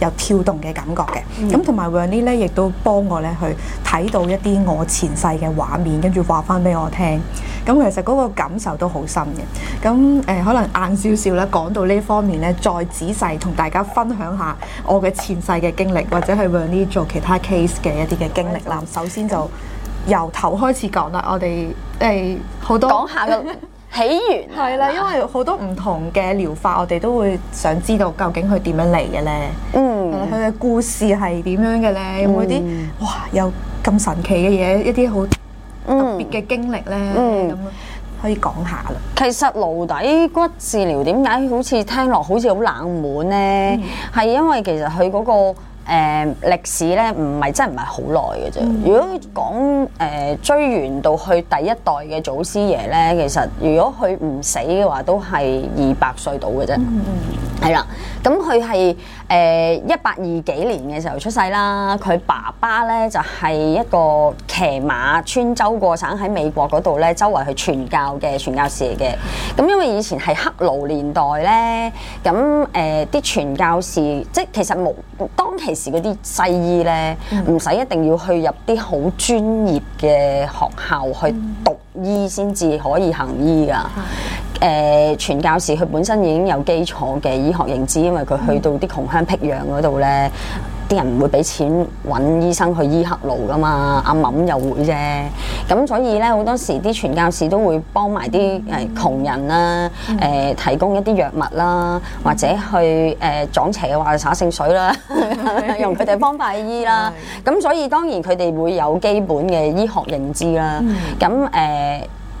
有跳動嘅感覺嘅，咁同埋 Vreni 咧，亦都幫我咧去睇到一啲我前世嘅畫面，跟住話翻俾我聽。咁其實嗰個感受都好深嘅。咁誒、呃，可能晏少少咧，講、嗯、到呢方面咧，再仔細同大家分享下我嘅前世嘅經歷，或者係 Vreni 做其他 case 嘅一啲嘅經歷啦。嗯、首先就由頭開始講啦，我哋誒好多講下 起源係啦，吧因為好多唔同嘅療法，我哋都會想知道究竟佢點樣嚟嘅咧。嗯，佢嘅故事係點樣嘅咧？有冇啲哇有咁神奇嘅嘢，一啲好特別嘅經歷咧？咁可以講下啦。其實顱底骨治療點解好似聽落好似好冷門咧？係、嗯、因為其實佢嗰、嗰個。誒、呃、歷史咧唔係真係唔係好耐嘅啫。嗯、如果講誒、呃、追完到去第一代嘅祖師爺咧，其實如果佢唔死嘅話，都係二百歲到嘅啫。係啦、嗯，咁佢係。誒一八二幾年嘅時候出世啦，佢爸爸咧就係、是、一個騎馬穿州過省喺美國嗰度咧，周圍去傳教嘅傳教士嚟嘅。咁、嗯、因為以前係黑奴年代咧，咁誒啲傳教士即係其實冇當其時嗰啲西醫咧，唔使、嗯、一定要去入啲好專業嘅學校去讀醫先至可以行醫㗎。嗯嗯。誒傳教士佢本身已經、right、有基礎嘅醫學認知，因為佢去到啲窮鄉僻壤嗰度咧，啲人唔會俾錢搵醫生去醫黑路㗎嘛，阿冧又會啫。咁所以咧，好多時啲傳教士都會幫埋啲誒窮人啦，誒提供一啲藥物啦，或者去誒撞邪嘅話撒聖水啦，用佢哋方法去醫啦。咁所以當然佢哋會有基本嘅醫學認知啦。咁誒。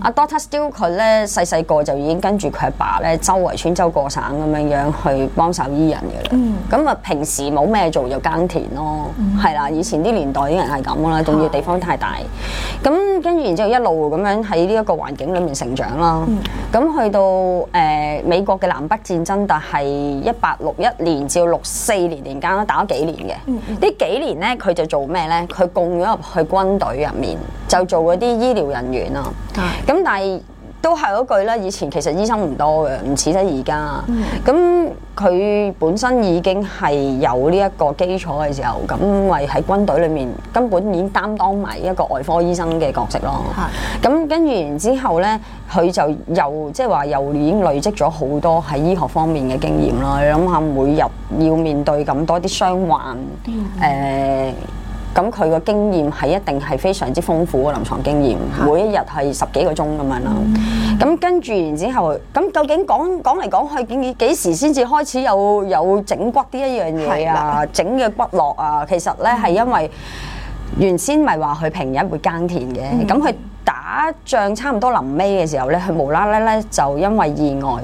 阿 Doctor Still 佢咧細細個就已經跟住佢阿爸咧周圍穿州過省咁樣樣去幫手醫人嘅啦。咁啊平時冇咩做就耕田咯，係啦。以前啲年代啲人係咁啦，仲要地方太大。咁跟住然之後一路咁樣喺呢一個環境裡面成長啦。咁去到誒美國嘅南北戰爭，但係一八六一年至到六四年年間啦，打咗幾年嘅。呢幾年咧佢就做咩咧？佢供咗入去軍隊入面就做嗰啲醫療人員咯。咁但係都係嗰句啦。以前其實醫生唔多嘅，唔似得而家。咁佢、嗯嗯、本身已經係有呢一個基礎嘅時候，咁為喺軍隊裏面根本已經擔當埋一個外科醫生嘅角色咯。咁是、嗯、跟住然之後呢，佢就又即係話又已經累積咗好多喺醫學方面嘅經驗啦。你諗下，每日要面對咁多啲傷患，誒、嗯。呃咁佢個經驗係一定係非常之豐富嘅臨床經驗，的每一日係十幾個鐘咁樣啦。咁、嗯、跟住然之後，咁究竟講講嚟講去，幾幾時先至開始有有整骨呢一樣嘢啊？整嘅的骨骼啊，其實呢，係、嗯、因為原先咪話佢平日會耕田嘅，咁佢、嗯、打仗差唔多臨尾嘅時候呢，佢無啦啦呢，就因為意外。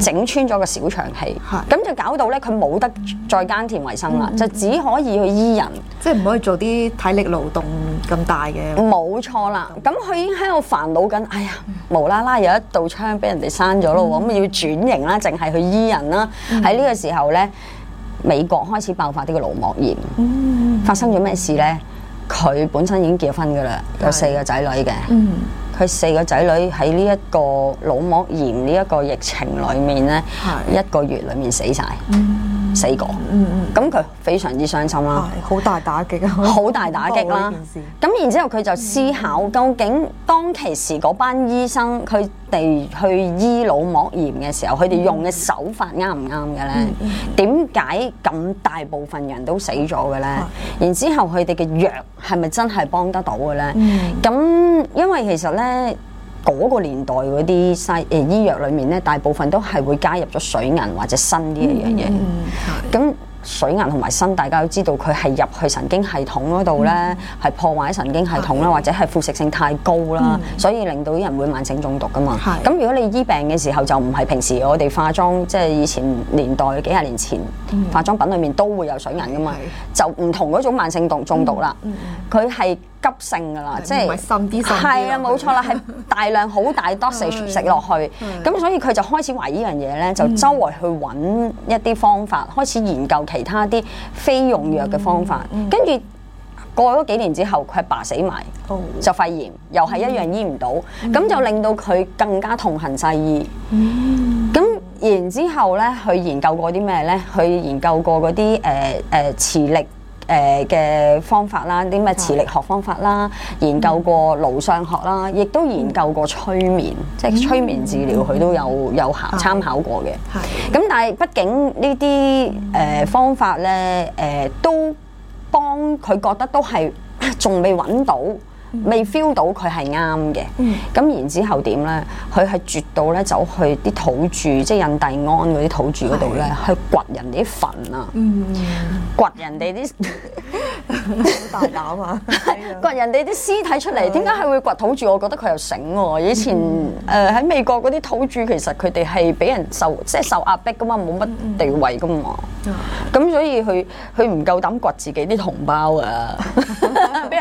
整、嗯、穿咗個小腸氣，咁就搞到咧佢冇得再耕田為生啦，就、嗯嗯、只可以去醫人，即係唔可以做啲體力勞動咁大嘅。冇 錯啦了，咁佢持人已經喺度煩惱緊，哎呀，無啦啦有一道窗俾人哋閂咗咯，咁、嗯、要轉型啦，淨係去醫人啦。喺呢、嗯嗯、個時候咧，美國開始爆發啲個腦膜炎，嗯、發生咗咩事咧？佢本身已經結婚噶啦，有四個仔女嘅。持人持人佢四個仔女喺呢一個腦膜炎呢一個疫情裡面呢是的 一個月裡面死晒。嗯死過，咁佢、嗯嗯、非常之傷心啦、啊，好、哎、大打擊，好 大打擊啦。咁 然之後佢就思考，究竟當其時嗰班醫生佢哋、嗯、去醫腦膜炎嘅時候，佢哋、嗯、用嘅手法啱唔啱嘅咧？點解咁大部分人都死咗嘅咧？嗯、然之後佢哋嘅藥係咪真係幫得到嘅咧？咁、嗯嗯、因為其實咧。嗰個年代嗰啲西誒醫藥裏面咧，大部分都係會加入咗水銀或者砷呢一樣嘢。咁、嗯。嗯嗯。水銀同埋砷，大家都知道佢係入去神經系統嗰度咧，係破壞神經系統啦，或者係腐蝕性太高啦，所以令到啲人會慢性中毒噶嘛。咁如果你醫病嘅時候就唔係平時我哋化妝，即係以前年代幾廿年前化妝品裡面都會有水銀噶嘛，就唔同嗰種慢性中毒啦，佢係急性噶啦，即係深啲，係啊，冇錯啦，係大量好大 dosage 食落去，咁所以佢就開始懷疑樣嘢咧，就周圍去揾一啲方法，開始研究。其他啲非用藥嘅方法，跟住、嗯嗯、過咗幾年之後，佢爸死埋，就、哦、肺炎，又係一樣醫唔到，咁、嗯、就令到佢更加痛恨西醫。咁、嗯、然之後呢，佢研究過啲咩呢？佢研究過嗰啲誒誒磁力。誒嘅、呃、方法啦，啲咩磁力學方法啦，研究過顱相學啦，亦、嗯、都研究過催眠，嗯、即係催眠治療，佢都有有考、嗯、參考過嘅。咁、嗯嗯、但係畢竟呢啲誒方法呢，誒、呃、都幫佢覺得都係仲未揾到，未 feel 到佢係啱嘅，咁、嗯、然之後點咧？佢係絕到咧走去啲土著，即、就、係、是、印第安嗰啲土著嗰度咧，的去掘人哋啲墳啊，嗯、掘人哋啲好大膽啊！ 掘人哋啲屍體出嚟，點解係會掘土著？我覺得佢又醒喎、啊。以前誒喺、嗯呃、美國嗰啲土著，其實佢哋係俾人受即係、就是、受壓迫㗎嘛，冇乜地位㗎嘛。咁所以佢佢唔夠膽掘自己啲同胞啊！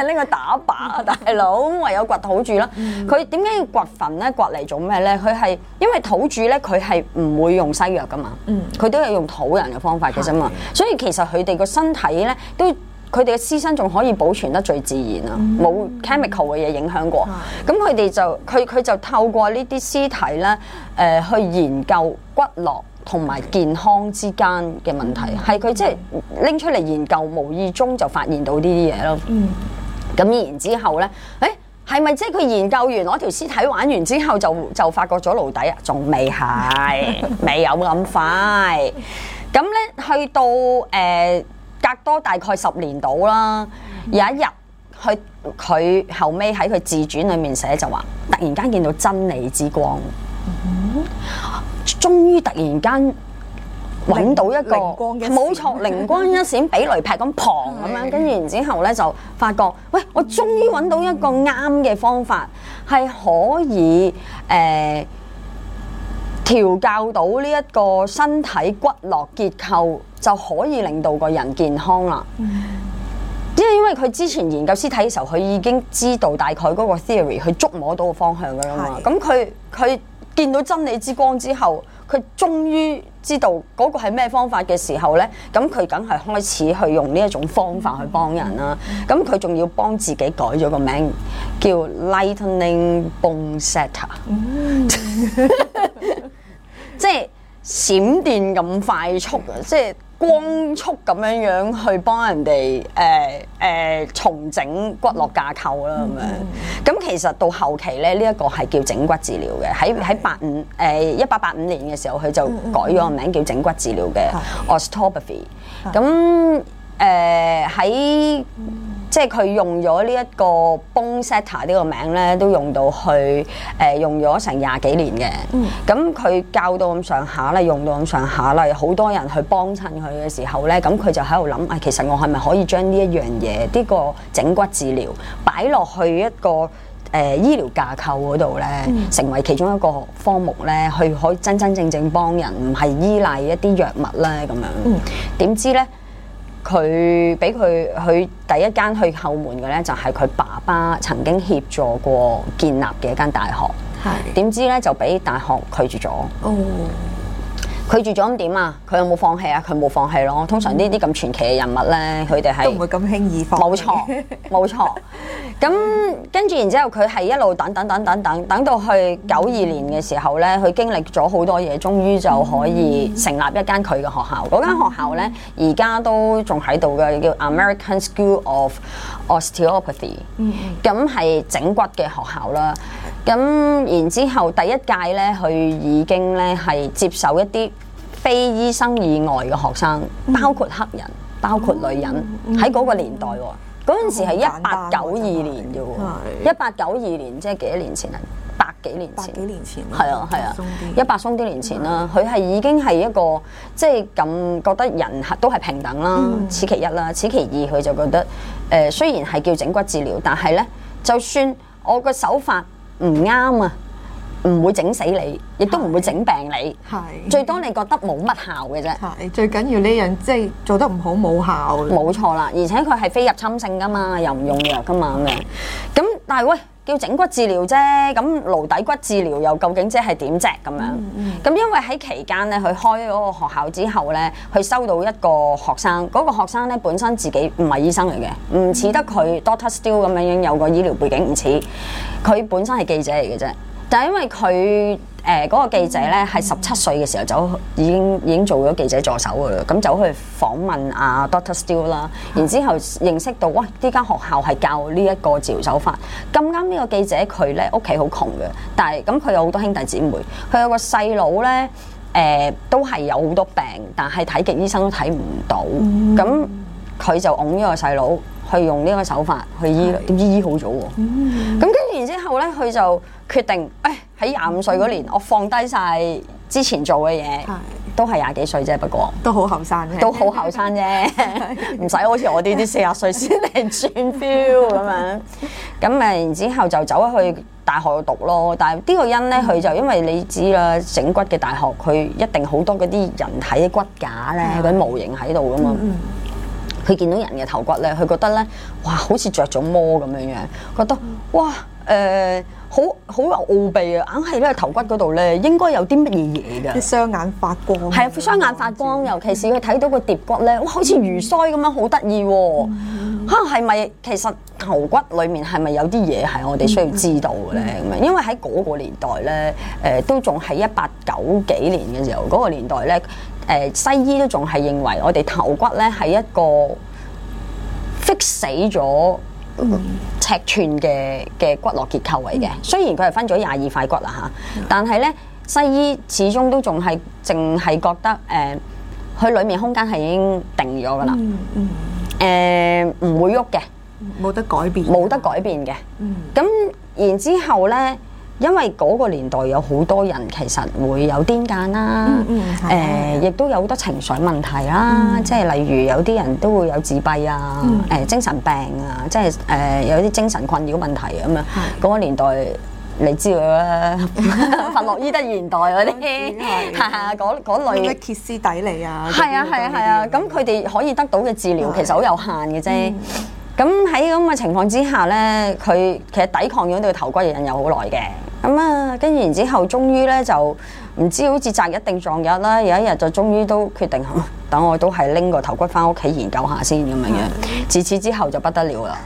拎佢 打靶，大佬唯有掘土住土著啦。佢點解要掘墳咧？掘嚟做咩咧？佢係因為土著咧，佢係唔會用西藥噶嘛。佢都係用土人嘅方法嘅啫嘛。的所以其實佢哋個身體咧，都佢哋嘅屍身仲可以保存得最自然啊，冇、嗯、chemical 嘅嘢影響過。咁佢哋就佢佢就透過呢啲屍體咧，誒去研究骨骼同埋健康之間嘅問題，係佢即係拎出嚟研究，無意中就發現到呢啲嘢咯。嗯咁然之後呢，誒係咪即係佢研究完攞條屍體玩完之後就就發覺咗顱底啊？仲未係，未有咁快。咁呢，去到誒、呃、隔多大概十年到啦，有一日佢佢後尾喺佢自傳裏面寫就話，突然間見到真理之光，終於突然間。揾到一個，係冇錯，靈光一閃，比雷劈咁磅咁樣，跟住的然後之後咧就發覺，喂，我終於揾到一個啱嘅方法，係可以誒、呃、調教到呢一個身體骨骼結構，就可以令到個人健康啦。的因為因為佢之前研究屍體嘅時候，佢已經知道大概嗰個 theory，佢捉摸到個方向噶啦嘛。咁佢佢見到真理之光之後。佢終於知道嗰個係咩方法嘅時候呢，咁佢梗係開始去用呢一種方法去幫人啦。咁佢仲要幫自己改咗個名叫 Lightning Bone Setter 即係閃電咁快速，即係。光速咁樣樣去幫人哋，誒誒重整骨骼架構啦咁樣，咁、mm hmm. 其實到後期咧，呢、這、一個係叫整骨治療嘅。喺喺八五誒一八八五年嘅時候，佢就改咗個名叫整骨治療嘅 osteopathy。咁誒喺。Hmm. 即係佢用咗呢一個 Bone Setter 呢個名咧，都用到去誒、呃、用咗成廿幾年嘅。咁佢、嗯嗯、教到咁上下啦，用到咁上下啦，有好多人去幫襯佢嘅時候咧，咁佢就喺度諗，誒、啊、其實我係咪可以將呢一樣嘢，呢、呢個整骨治療擺落去一個誒、呃、醫療架構嗰度咧，嗯、成為其中一個科目咧，去可以真真正正，正幫人，唔係依賴一啲藥物咧咁樣。點、嗯、知咧？佢俾佢去第一間去後門嘅呢，就係佢爸爸曾經協助過建立嘅一間大學。係。點知呢，就俾大學拒絕咗。哦。拒絕咗咁點啊？佢有冇放棄啊？佢冇放棄咯。通常呢啲咁傳奇嘅人物呢，佢哋係唔會咁輕易放。冇錯，冇 錯。咁跟住然之後，佢係一路等，等等等等等，等到去九二年嘅時候呢，佢經歷咗好多嘢，終於就可以成立一間佢嘅學校。嗰、嗯、間學校呢，而家都仲喺度嘅，叫 American School of Osteopathy。嗯。咁係整骨嘅學校啦。咁然之後第一屆呢，佢已經呢係接受一啲。非醫生以外嘅學生，包括黑人，包括女人，喺嗰個年代喎，嗰陣時係一八九二年嘅喎，一八九二年即係幾多年前啊，百幾年前，百幾年前，係啊係啊，一百鬆啲年前啦，佢係已經係一個即係咁覺得人係都係平等啦，此其一啦，此其二，佢就覺得誒雖然係叫整骨治療，但係呢，就算我個手法唔啱啊！唔會整死你，亦都唔會整病你。係的最多你覺得冇乜效嘅啫。係最緊要呢樣，即係做得唔好冇效。冇錯啦，而且佢係非入侵性噶嘛，又唔用藥噶嘛咁嘅。咁但係喂叫整骨治療啫，咁顱底骨治療又究竟即係點啫？咁樣咁因為喺期間咧，佢開嗰個學校之後咧，佢收到一個學生嗰、那個學生咧，本身自己唔係醫生嚟嘅，唔似得佢 Doctor Still 咁樣樣有個醫療背景，唔似佢本身係記者嚟嘅啫。但係因為佢誒嗰個記者咧，係十七歲嘅時候走，已經已經做咗記者助手㗎啦。咁走去訪問阿 Doctor Steele 啦，然之後認識到，嘩，呢間學校係教呢一個治療手法。咁啱呢個記者佢咧屋企好窮嘅，但係咁佢有好多兄弟姊妹，佢有個細佬咧誒，都係有好多病，但係睇極醫生都睇唔到。咁佢就擁呢個細佬去用呢個手法去醫，點知醫好咗喎。咁跟住然之後咧，佢就。決定誒喺廿五歲嗰年，我放低晒之前做嘅嘢，都係廿幾歲啫。不過都好後生，都好後生啫，唔使好似我呢啲四十歲先嚟轉 feel 咁樣。咁誒然之後就走咗去大學度讀咯。但係呢個因咧，佢就因為你知啦，整骨嘅大學佢一定好多嗰啲人體骨架咧，嗰啲模型喺度噶嘛。佢見到人嘅頭骨咧，佢覺得咧，哇，好似着咗魔咁樣樣，覺得哇誒。好好奧秘啊！硬係咧頭骨嗰度咧，應該有啲乜嘢嘢㗎？雙眼發光，係啊、嗯！雙眼發光，尤其是佢睇到個蝶骨咧，好似魚腮咁樣，好得意喎！嚇係咪其實頭骨裡面係咪有啲嘢係我哋需要知道嘅咧？嗯、因為喺嗰個年代咧，誒、呃、都仲喺一八九幾年嘅時候，嗰、那個年代咧，誒、呃、西醫都仲係認為我哋頭骨咧係一個 fix 死咗。尺、嗯呃、寸嘅嘅骨骼結構位嘅，嗯、雖然佢係分咗廿二塊骨啦吓，嗯、但係咧西醫始終都仲係淨係覺得誒，佢、呃、裏面空間係已經定咗噶啦，誒唔、嗯呃、會喐嘅，冇、嗯嗯嗯、得改變，冇得改變嘅，咁、嗯嗯、然之後咧。因為嗰個年代有好多人其實會有癲癇啦，誒，亦都有好多情緒問題啦，即係例如有啲人都會有自閉啊，誒，精神病啊，即係誒有啲精神困擾問題咁樣。嗰個年代你知嘅啦，佛洛伊德現代嗰啲，係係嗰嗰類，咩歇斯底里啊？係啊係啊係啊！咁佢哋可以得到嘅治療其實好有限嘅啫。咁喺咁嘅情況之下呢，佢其實抵抗咗對頭骨嘅癮有好耐嘅。咁啊，跟住然之後終於，終於呢就唔知好似擇日定撞日啦。有一日就終於都決定，等我都係拎個頭骨翻屋企研究下先咁樣樣。自 此，此之後就不得了啦，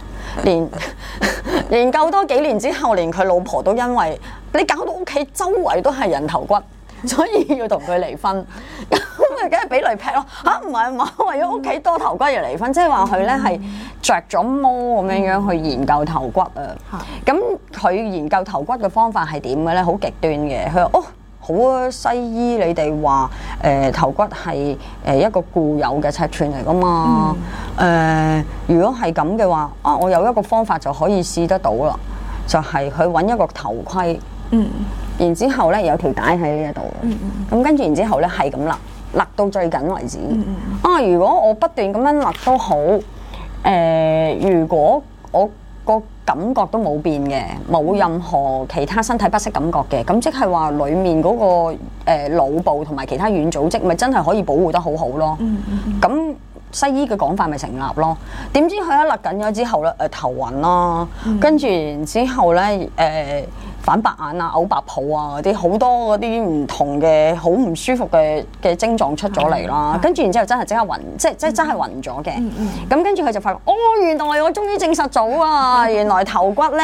研 研究多幾年之後，連佢老婆都因為你搞到屋企周圍都係人頭骨，所以要同佢離婚。 佢梗係俾雷劈咯吓？唔係唔係，為咗屋企多頭骨而離婚，即係話佢咧係着咗魔咁樣樣去研究頭骨啊！咁佢、hmm. 研究頭骨嘅方法係點嘅咧？好極端嘅，佢話哦，好啊！西醫你哋話誒頭骨係誒一個固有嘅尺寸嚟噶嘛？誒、呃、如果係咁嘅話，啊我有一個方法就可以試得到啦，就係佢揾一個頭盔，嗯，然之後咧有條帶喺呢一度，嗯咁跟住然之後咧係咁啦。勒到最緊為止。啊，如果我不斷咁樣勒都好，誒，如果我個感覺都冇變嘅，冇任何其他身體不適感覺嘅，咁即係話裡面嗰個誒腦部同埋其他軟組織咪真係可以保護得好好咯。咁西醫嘅講法咪成立咯？點知佢一勒緊咗之後咧，誒頭暈啦，跟住之後咧，誒。反白眼啊，嘔白泡啊，嗰啲好多嗰啲唔同嘅好唔舒服嘅嘅症狀出咗嚟啦，跟住然之後真係即刻暈，即係真係暈咗嘅。咁跟住佢就發覺，哦，原來我終於證實咗啊，原來頭骨呢，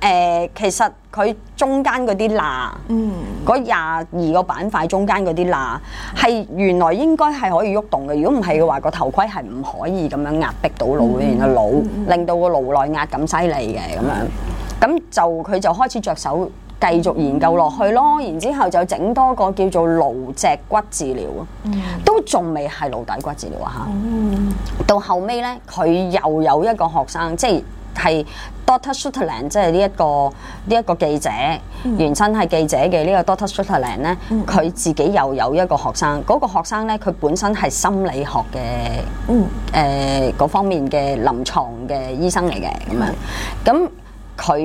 誒其實佢中間嗰啲罅，嗯，嗰廿二個板塊中間嗰啲罅係原來應該係可以喐動嘅，如果唔係嘅話，個頭盔係唔可以咁樣壓迫到腦嘅，然後腦令到個腦內壓咁犀利嘅咁樣。咁就佢就開始着手繼續研究落去咯，然之後就整多個叫做顱脊骨治療啊，都仲未係顱底骨治療啊嚇。嗯、到後尾呢，佢又有一個學生，即係係 Doctor Shuterland，即係呢一個呢一、這個記者，嗯、原身係記者嘅呢個 Doctor Shuterland 咧，佢自己又有一個學生，嗰、那個學生呢，佢本身係心理學嘅，嗯，誒嗰、呃、方面嘅臨床嘅醫生嚟嘅咁樣，咁、嗯。嗯佢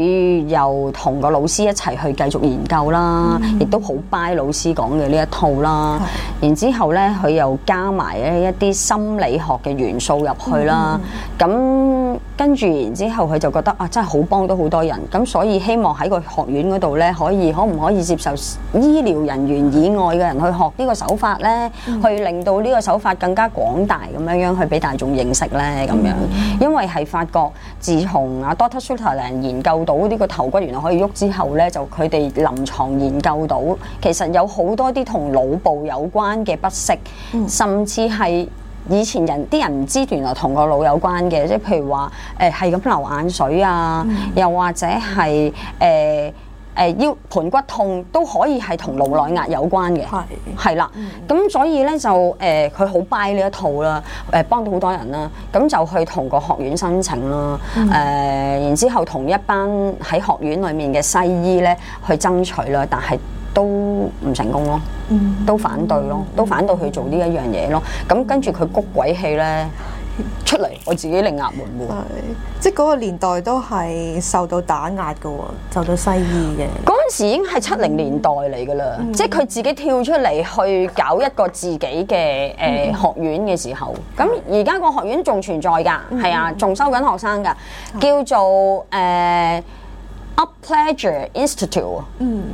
又同個老師一齊去繼續研究啦，亦、嗯、都好 buy 老師講嘅呢一套啦。的然之後呢，佢又加埋咧一啲心理學嘅元素入去啦。咁、嗯。跟住然之後，佢就覺得啊，真係好幫到好多人，咁所以希望喺個學院嗰度呢可以可唔可以接受醫療人員以外嘅人去學呢個手法呢？嗯、去令到呢個手法更加廣大咁樣樣去俾大眾認識呢？咁樣，嗯、因為係發覺，自從啊 Doctor Sutherland 研究到呢個頭骨原來可以喐之後呢，就佢哋臨床研究到，其實有好多啲同腦部有關嘅不適，嗯、甚至係。以前人啲人唔知原來同個腦有關嘅，即係譬如話誒係咁流眼水啊，mm hmm. 又或者係誒誒腰盆骨痛都可以係同腦內壓有關嘅，係係啦。咁所以咧就誒佢好 buy 呢一套啦，誒、呃、幫到好多人啦。咁就去同個學院申請啦，誒、呃 mm hmm. 然之後同一班喺學院裡面嘅西醫咧去爭取啦，但係。都唔成功咯，都反對咯，都反對去做呢一樣嘢咯。咁、嗯、跟住佢谷鬼氣咧出嚟，我自己另立門戶。是即係嗰個年代都係受到打壓噶、哦，受到西醫嘅。嗰陣時已經係七零年代嚟噶啦，嗯、即係佢自己跳出嚟去搞一個自己嘅誒、呃嗯、學院嘅時候。咁而家個學院仲存在㗎，係、嗯、啊，仲收緊學生㗎，叫做誒。呃 Up Pleasure Institute，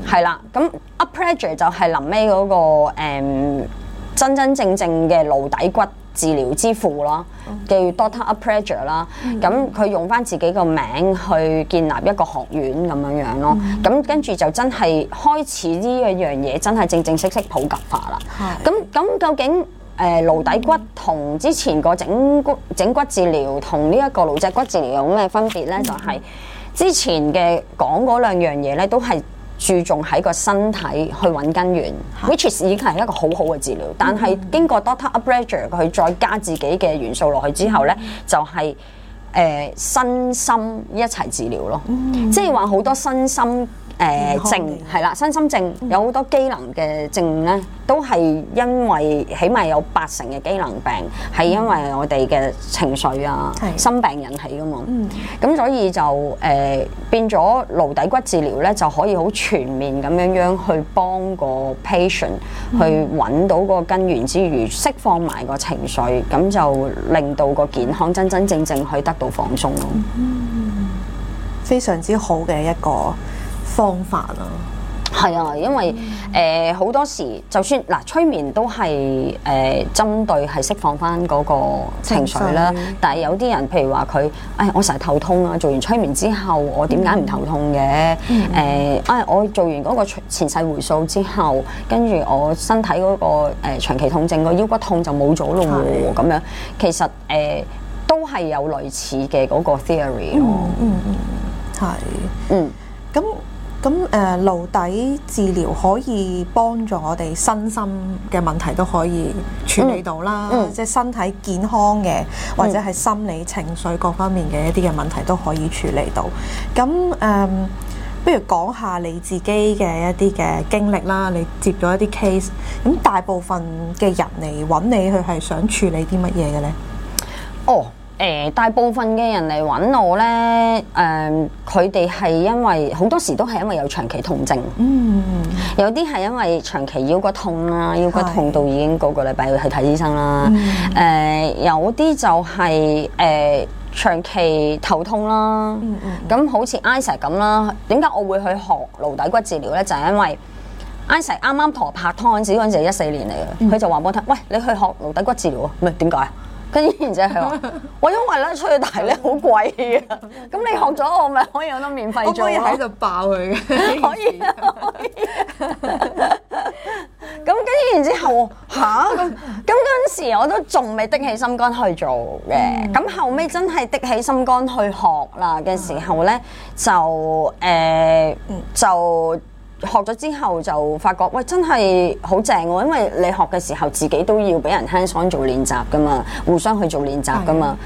係啦，咁 Up Pleasure 就係臨尾嗰個誒、嗯、真真正正嘅顱底骨治療之父咯，嗯、叫 Doctor Up Pleasure 啦，咁佢用翻自己個名去建立一個學院咁樣樣咯，咁、嗯、跟住就真係開始呢一樣嘢真係正正式式普及化啦。咁咁是究竟誒顱、呃、底骨同之前個整骨、嗯、整骨治療同呢一個顱脊骨治療有咩分別咧？就係、嗯。嗯之前嘅講嗰兩樣嘢咧，都係注重喺個身體去搵根源的，which is 已經係一個好好嘅治療。嗯嗯，但係經過 Doctor Upledger 佢再加自己嘅元素落去之後咧，嗯嗯，就係、是、誒、呃、身心一齊治療咯，即係話好多身心。誒、呃、症係啦，身心症、嗯、有好多機能嘅症咧，都係因為起碼有八成嘅機能病係、嗯、因為我哋嘅情緒啊、的心病引起噶嘛。咁、嗯、所以就誒、呃、變咗顱底骨治療咧，就可以好全面咁樣樣去幫個 patient、嗯、去揾到個根源之餘，釋放埋個情緒，咁就令到個健康真真正正可以得，得到放鬆咯。非常之好嘅一個。方法啦、啊，係啊，因為誒好、呃、多時就算嗱、呃、催眠都係誒針對係釋放翻嗰個情緒啦。晰但係有啲人譬如話佢誒我成日頭痛啊，做完催眠之後我點解唔頭痛嘅？誒、嗯，啊、呃哎、我做完嗰個前世回溯之後，跟住我身體嗰、那個誒、呃、長期痛症個腰骨痛就冇咗咯，咁、嗯嗯、樣其實誒、呃、都係有類似嘅嗰個 theory 咯。嗯，係，嗯，咁、嗯。嗯嗯咁誒，顱底治療可以幫助我哋身心嘅問題都可以處理到啦，即、嗯、係身體健康嘅，嗯、或者係心理情緒各方面嘅一啲嘅問題都可以處理到。咁誒、嗯，不如講下你自己嘅一啲嘅經歷啦，你接咗一啲 case，咁大部分嘅人嚟揾你，佢係想處理啲乜嘢嘅呢？哦。誒、呃、大部分嘅人嚟揾我咧，誒佢哋係因為好多時都係因為有長期痛症，嗯，有啲係因為長期腰骨痛啦，腰骨痛到已經個個禮拜去睇醫生啦，誒、嗯呃、有啲就係、是、誒、呃、長期頭痛啦，咁、嗯嗯、好似 Isa 咁啦，點解我會去學顱底骨治療咧？就係、是、因為 Isa 啱啱同我拍拖嗰陣時，嗰陣時係一四年嚟嘅，佢就話俾我聽，喂，你去學顱底骨治療啊，唔係點解？跟住然之後， 我因為咧出去大咧好貴啊。咁 你學咗我咪可以有得免費可以喺度爆佢嘅，可以可以 啊。咁跟住然之後，吓，咁咁嗰陣時，我都仲未的起心肝去做嘅。咁 後尾真係的起心肝去學啦嘅時候咧、 呃，就誒、呃、就。學咗之後就發覺，喂，真係好正喎、啊！因為你學嘅時候自己都要俾人 hands on 做練習噶嘛，互相去做練習噶嘛。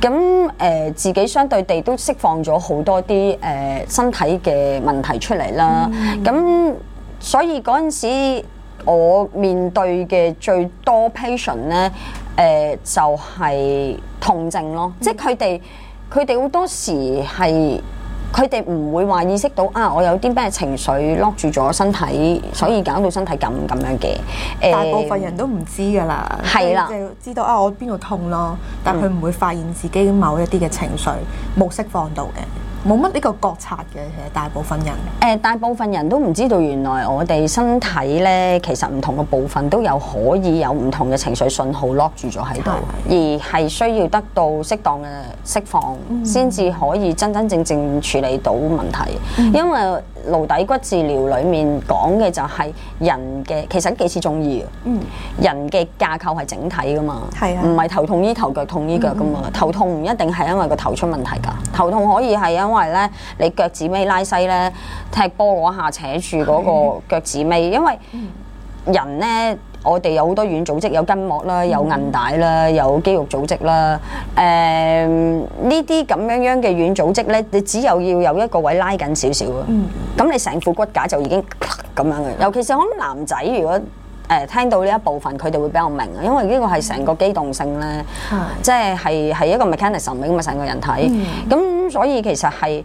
咁誒的、呃、自己相對地都釋放咗好多啲誒、呃、身體嘅問題出嚟啦。咁、嗯、所以嗰陣時我面對嘅最多 patient 呢，誒、呃、就係、是、痛症咯，嗯、即係佢哋佢哋好多時係。佢哋唔會話意識到啊，我有啲咩情緒 lock 住咗身體，嗯、所以搞到身體咁咁樣嘅。誒、嗯，大部分人都唔知㗎啦，佢哋知道，即係知道啊，我邊度痛咯，但佢唔會發現自己某一啲嘅情緒冇釋放到嘅。冇乜呢個覺察嘅，其實大部分人。誒、呃，大部分人都唔知道原來我哋身體咧，其實唔同嘅部分都有可以有唔同嘅情緒信號 lock 住咗喺度，的而係需要得到適當嘅釋放，先至、嗯、可以真真正正處理到問題，嗯、因為。顱底骨治療裡面講嘅就係人嘅，其實幾似中醫啊！嗯、人嘅架構係整體噶嘛，唔係的頭痛醫頭，腳痛醫腳噶嘛。嗯嗯，頭痛唔一定係因為個頭出問題㗎，頭痛可以係因為咧你腳趾尾拉細咧，踢波嗰下扯住嗰個腳趾尾，的因為人咧。我哋有好多軟組織，有筋膜啦，有韌帶啦，有肌肉組織啦。誒，呢啲咁樣樣嘅軟組織咧，你只有要有一個位拉緊少少咯。咁你成副骨架就已經咁樣嘅。尤其是我諗男仔，如果誒聽到呢一部分，佢哋會比較明啊，因為呢個係成個機動性咧，即係係係一個 mechanism 嚟嘅成個人體。咁所以其實係。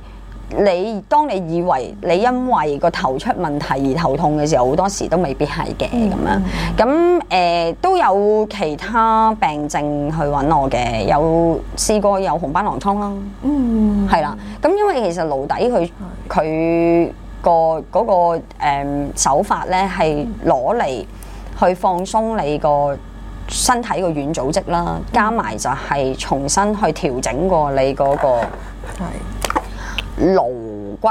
你當你以為你因為個頭出問題而頭痛嘅時候，好多時都未必係嘅咁樣。咁誒、mm hmm. 呃、都有其他病症去揾我嘅，有試過有紅斑狼瘡啦，嗯、mm，係、hmm. 啦。咁因為其實顱底佢佢個嗰、嗰個、嗯、手法呢，係攞嚟去放鬆你個身體個軟組織啦，mm hmm. 加埋就係重新去調整過你嗰、嗰個 顱骨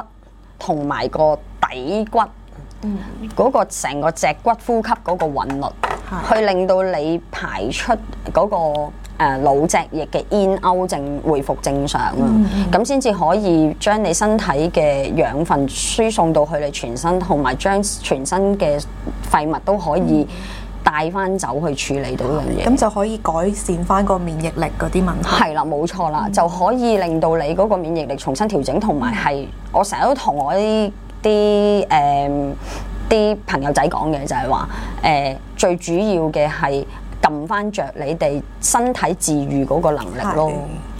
同埋個底骨，嗰、嗯、個成個脊骨呼吸嗰個韻律，的去令到你排出嗰、那個誒腦、呃、脊液嘅淹溝症回復正常啊，咁先至可以將你身體嘅養分輸送到去你全身，同埋將全身嘅廢物都可以、嗯。嗯帶翻走去處理到嗰樣嘢，咁就可以改善翻個免疫力嗰啲問題。係啦，冇錯啦，嗯、就可以令到你嗰個免疫力重新調整，同埋係我成日都同我啲啲誒啲朋友仔講嘅，就係話誒最主要嘅係撳翻着你哋身體自愈嗰個能力咯。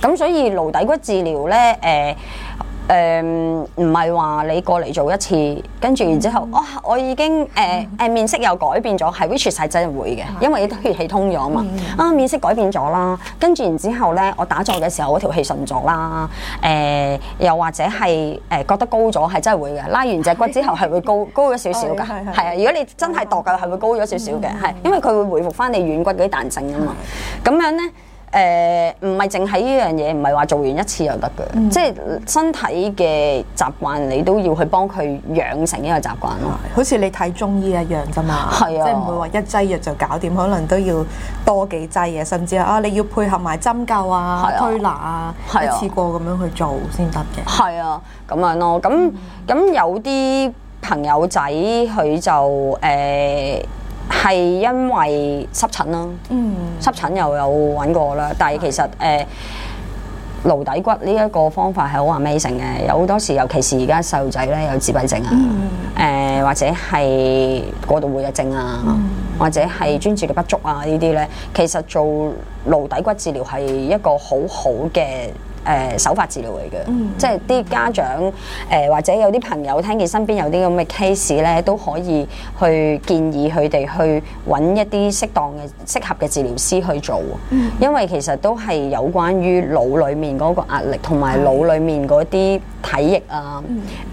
咁的所以顱底骨治療咧誒。呃誒唔係話你過嚟做一次，跟住然之後，哇！我已經誒誒面色又改變咗，係 which 係真係會嘅，因為啲血氣通咗啊嘛。啊面色改變咗啦，跟住然之後咧，我打坐嘅時候我條氣順咗啦。誒又或者係誒覺得高咗，係真係會嘅。拉完隻骨之後係會高高咗少少㗎，係啊！如果你真係度嘅係會高咗少少嘅，係因為佢會回復翻你軟骨嗰啲彈性啊嘛。咁樣咧。誒唔係淨係呢樣嘢，唔係話做完一次就得嘅，嗯、即係身體嘅習慣，你都要去幫佢養成一個習慣咯。好似你睇中醫一樣啫嘛，啊、即係唔會話一劑藥就搞掂，可能都要多幾劑嘢，甚至啊你要配合埋針灸啊、啊推拿啊，啊一次過咁樣去做先得嘅。係啊，咁樣咯。咁咁有啲朋友仔佢就誒，呃係因為濕疹啦、啊，嗯、濕疹又有揾過啦，嗯、但係其實誒，顱、呃、底骨呢一個方法係好 Amazing 嘅，有好多時，尤其是而家細路仔咧有自閉症啊，誒、嗯呃、或者係過度活躍症啊，嗯、或者係專注力不足啊呢啲咧，其實做顱底骨治療係一個好好嘅。誒、呃、手法治療嚟嘅，嗯、即係啲家長誒、呃、或者有啲朋友聽見身邊有啲咁嘅 case 咧，都可以去建議佢哋去揾一啲適當嘅適合嘅治療師去做，嗯、因為其實都係有關於腦裡面嗰個壓力同埋腦裡面嗰啲體液啊，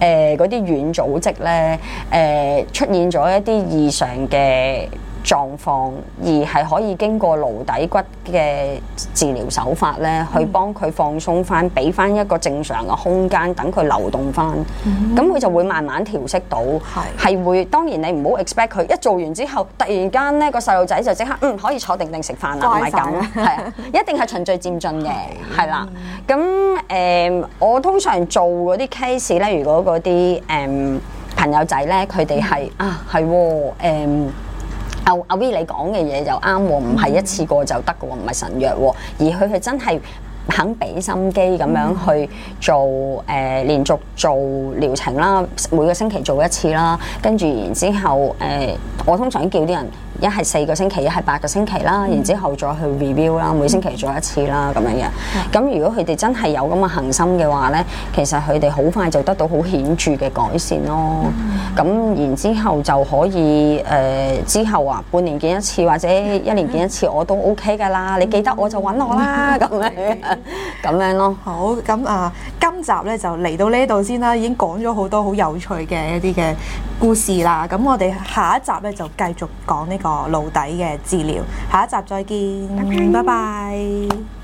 誒嗰啲軟組織咧，誒、呃、出現咗一啲異常嘅狀況而係可以經過顱底骨嘅治療手法咧，去幫佢放鬆翻，俾翻一個正常嘅空間，等佢流動翻。咁佢就會慢慢調適到，係的會。當然你唔好 expect 佢一做完之後，突然間呢個細路仔就即刻嗯可以坐定定食飯啦，唔係咁，係啊，一定係循序漸進嘅，係啦。咁誒、 嗯，我通常做嗰啲 case 咧，如果嗰啲誒朋友仔咧，佢哋係啊係誒。嗯嗯。阿阿 V 你講嘅嘢又啱喎，唔係一次過就得嘅喎，唔係神藥喎，而佢係真係肯俾心機咁樣去做誒、呃，連續做療程啦，每個星期做一次啦，跟住然之後誒、呃，我通常叫啲人。一係四個星期，一係八個星期啦，嗯、然之後再去 review 啦，每星期做一次啦咁樣嘅。咁、嗯、如果佢哋真係有咁嘅恒心嘅話呢，其實佢哋好快就得到好顯著嘅改善咯。咁、嗯、然之後就可以誒、呃、之後啊半年見一次或者一年見一次我都 OK 噶啦。你記得我就揾我啦咁、嗯、樣咁 樣咯。好咁啊，今集呢就嚟到呢度先啦，已經講咗好多好有趣嘅一啲嘅。故事啦，咁我哋下一集咧，就繼續講呢個顱底嘅治療。下一集再見，拜拜。